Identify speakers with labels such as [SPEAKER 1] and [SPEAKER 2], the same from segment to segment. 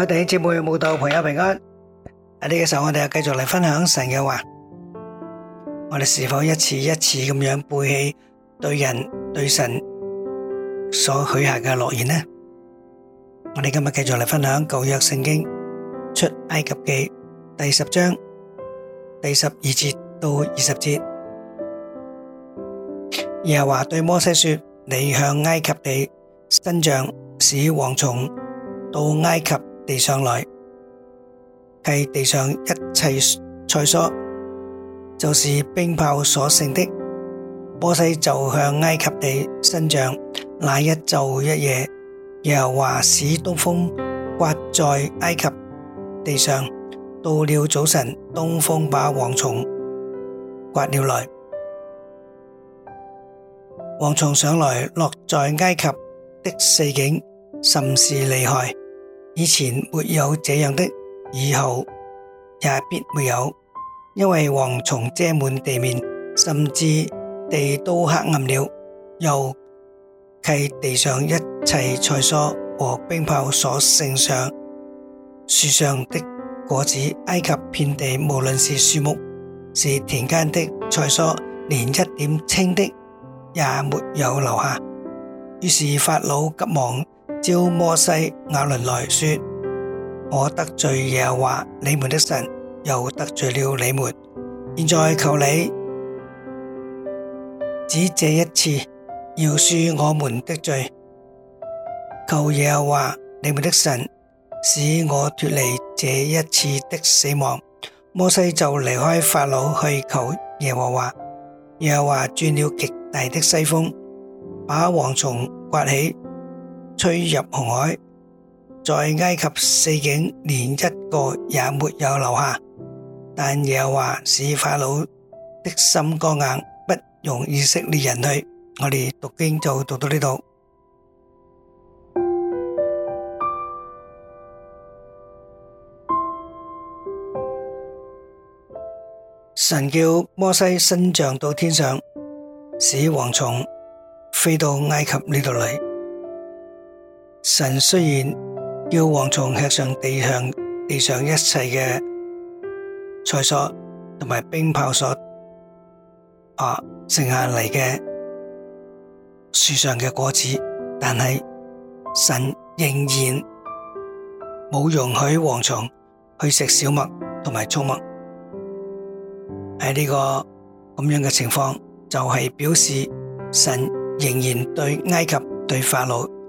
[SPEAKER 1] 我哋嘅節目無道，朋友平安。喺呢個時候，我哋又繼續嚟分享神嘅話。我哋是否一次一次咁樣背棄對人對神所許下嘅諾言呢？我哋今日繼續嚟分享舊約聖經出埃及記第十章第十二節到二十節。耶和華對摩西說：你向埃及地伸杖，使蝗蟲到埃及。地上來系地上一切菜蔬，就是冰炮所剩的。波西就向埃及地伸杖，那一晝一夜，由華使東風颳在埃及地上。到了早晨，東風把蝗蟲颳了來，蝗蟲上來落在埃及的四境，甚是厲害。以前沒有這樣的，以後也必沒有，因為蝗蟲遮滿地面，甚至地都黑暗了。又吃地上一切菜蔬和冰雹所剩上樹上的果子，埃及遍地，無論是樹木，是田間的菜蔬，連一點青的也沒有留下。於是法老急忙。照摩西亞倫來說，我得罪耶和華你們的神，又得罪了你們。現在求你只這一次，饒恕我們的罪。求耶和華你們的神使我脫離這一次的死亡。摩西就離開法老去求耶和華，耶和華轉了極大的西風，把蝗蟲刮起。吹入紅海，在埃及四境連一個也沒有留下，但又話使法老的心剛硬，不容以色列人去。我哋讀經就讀到呢度。神叫摩西伸杖到天上，使蝗蟲飛到埃及呢度來。神雖然叫蝗蟲吃上地上地上一切嘅菜蔬同埋冰雹所啊剩下嚟嘅樹上嘅果子，但係神仍然冇容許蝗蟲去食小麥同埋粗麥。喺呢、這個咁樣嘅情況，就係、是、表示神仍然對埃及對法老。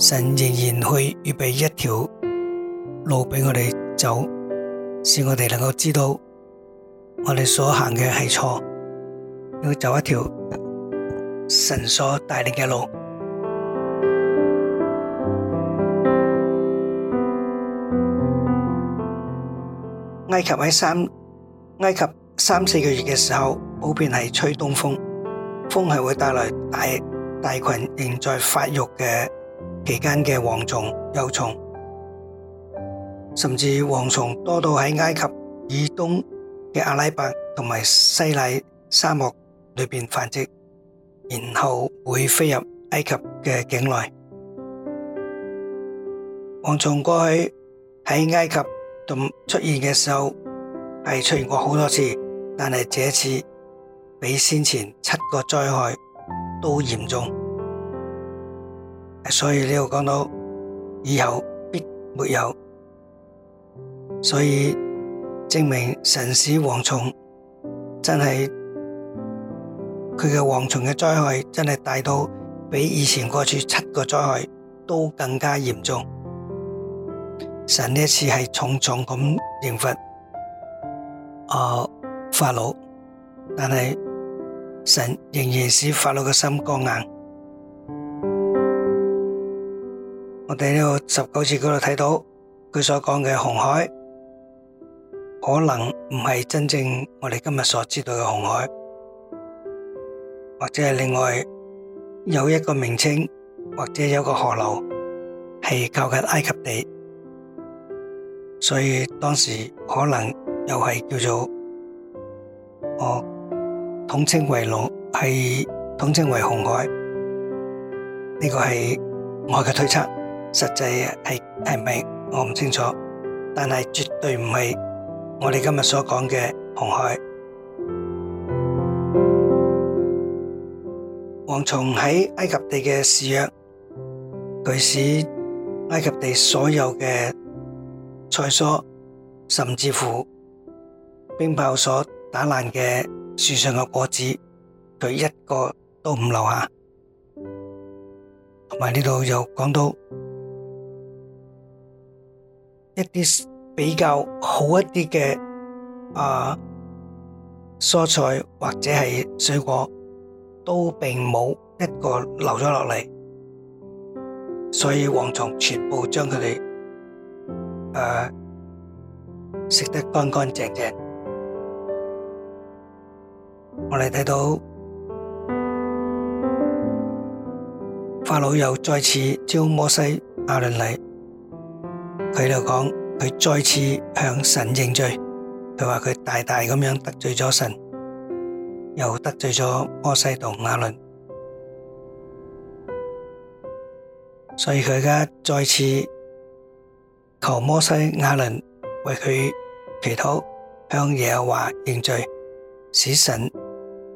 [SPEAKER 1] 神仍然去預備一條路畀我哋走，使我哋能夠知道我哋所行嘅係錯，要走一條神所帶領嘅路。埃及喺三埃及三四個月嘅時候，普遍係吹東風，風係會帶來大大群仍在發育嘅。期間嘅蝗蟲、幼蟲，甚至蝗蟲多到喺埃及以東嘅阿拉伯同埋西奈沙漠裏邊繁殖，然後會飛入埃及嘅境內。蝗蟲過去喺埃及同出現嘅時候係出現過好多次，但係這次比先前七個災害都嚴重。所以呢度講到以後必沒有，所以證明神使蝗蟲真係佢嘅蝗蟲嘅災害真係大到比以前過去七個災害都更加嚴重。神呢一次係重重咁刑罰啊、哦、法老，但係神仍然使法老嘅心剛硬。我哋呢個十九次嗰度睇到佢所講嘅紅海，可能唔係真正我哋今日所知道嘅紅海，或者係另外有一個名稱，或者有一個河流係靠近埃及地，所以當時可能又係叫做我統稱為龍，係統稱為紅海，呢個係我嘅推測。實際係係咪我唔清楚，但係絕對唔係我哋今日所講嘅紅海。蝗蟲喺埃及地嘅肆虐，佢使埃及地所有嘅菜蔬，甚至乎冰雹所打爛嘅樹上嘅果子，佢一個都唔留下。同埋呢度又講到。一啲比較好一啲嘅啊蔬菜或者係水果都並冇一個留咗落嚟，所以蝗蟲全部將佢哋誒食得乾乾淨淨。我哋睇到法老又再次召摩西亞倫嚟。佢就講，佢再次向神認罪。佢話佢大大咁樣得罪咗神，又得罪咗摩西同亞倫。所以佢而家再次求摩西、亞倫為佢祈禱，向耶和華認罪，使神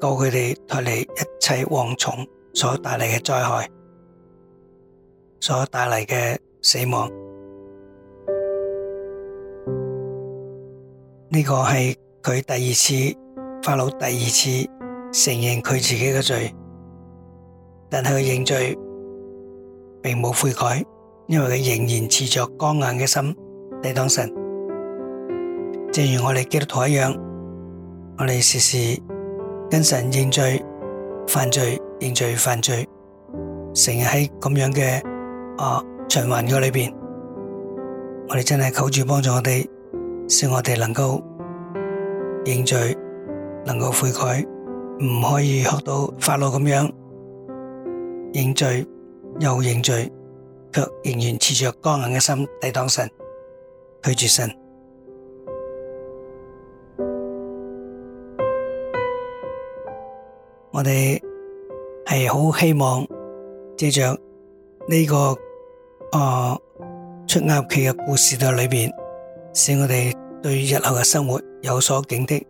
[SPEAKER 1] 救佢哋脫離一切蝗蟲所帶嚟嘅災害，所帶嚟嘅死亡。呢個係佢第二次，法老第二次承認佢自己嘅罪，但係佢認罪並冇悔改，因為佢仍然持著剛硬嘅心抵擋神。正如我哋基督徒一樣，我哋時時跟神認罪犯罪認罪犯罪，成日喺咁樣嘅啊循環嘅裏邊，我哋真係求主幫助我哋，使我哋能夠認罪，能夠悔改，唔可以學到法老咁樣認罪又認罪，卻仍然持著剛硬嘅心抵擋神，拒絕神。我哋係好希望借着呢個誒出埃及嘅故事到裏邊。使我哋對日後嘅生活有所警惕，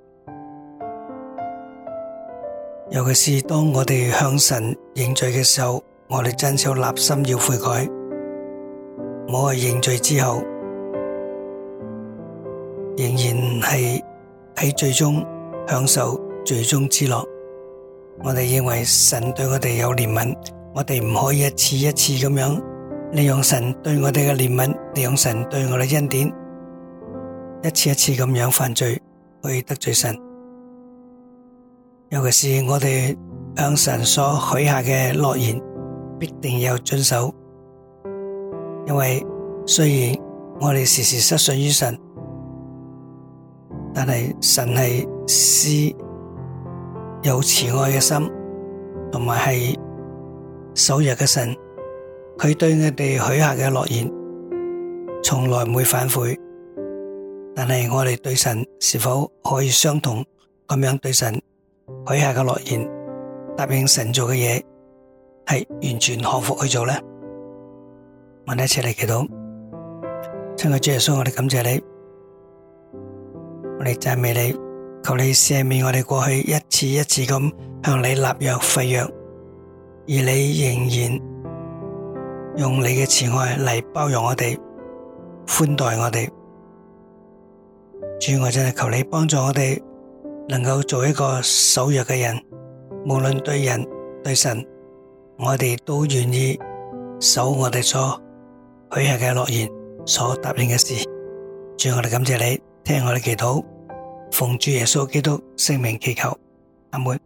[SPEAKER 1] 尤其是當我哋向神認罪嘅時候，我哋真係立心要悔改，唔好去認罪之後，仍然係喺罪中享受罪中之樂。我哋認為神對我哋有憐憫，我哋唔可以一次一次咁樣利用神對我哋嘅憐憫，利用神對我哋嘅恩典。一次一次咁樣犯罪去得罪神，尤其是我哋向神所許下嘅諾言，必定要遵守。因為雖然我哋時時失信於神，但係神係施有慈愛嘅心，同埋係守約嘅神，佢對我哋許下嘅諾言，從來唔會反悔。但係我哋對神是否可以相同咁樣對神許下嘅諾言，答應神做嘅嘢係完全克服去做呢？我哋一齊嚟祈禱。親愛嘅主耶穌，我哋感謝你，我哋讚美你，求你赦免我哋過去一次一次咁向你立約廢約，而你仍然用你嘅慈愛嚟包容我哋，寬待我哋，主我真係求你幫助我哋，能夠做一個守約嘅人。無論對人對神，我哋都願意守我哋所許下嘅諾言，所答應嘅事。主我哋感謝你聽我哋祈禱，奉主耶穌基督聖名祈求，阿們。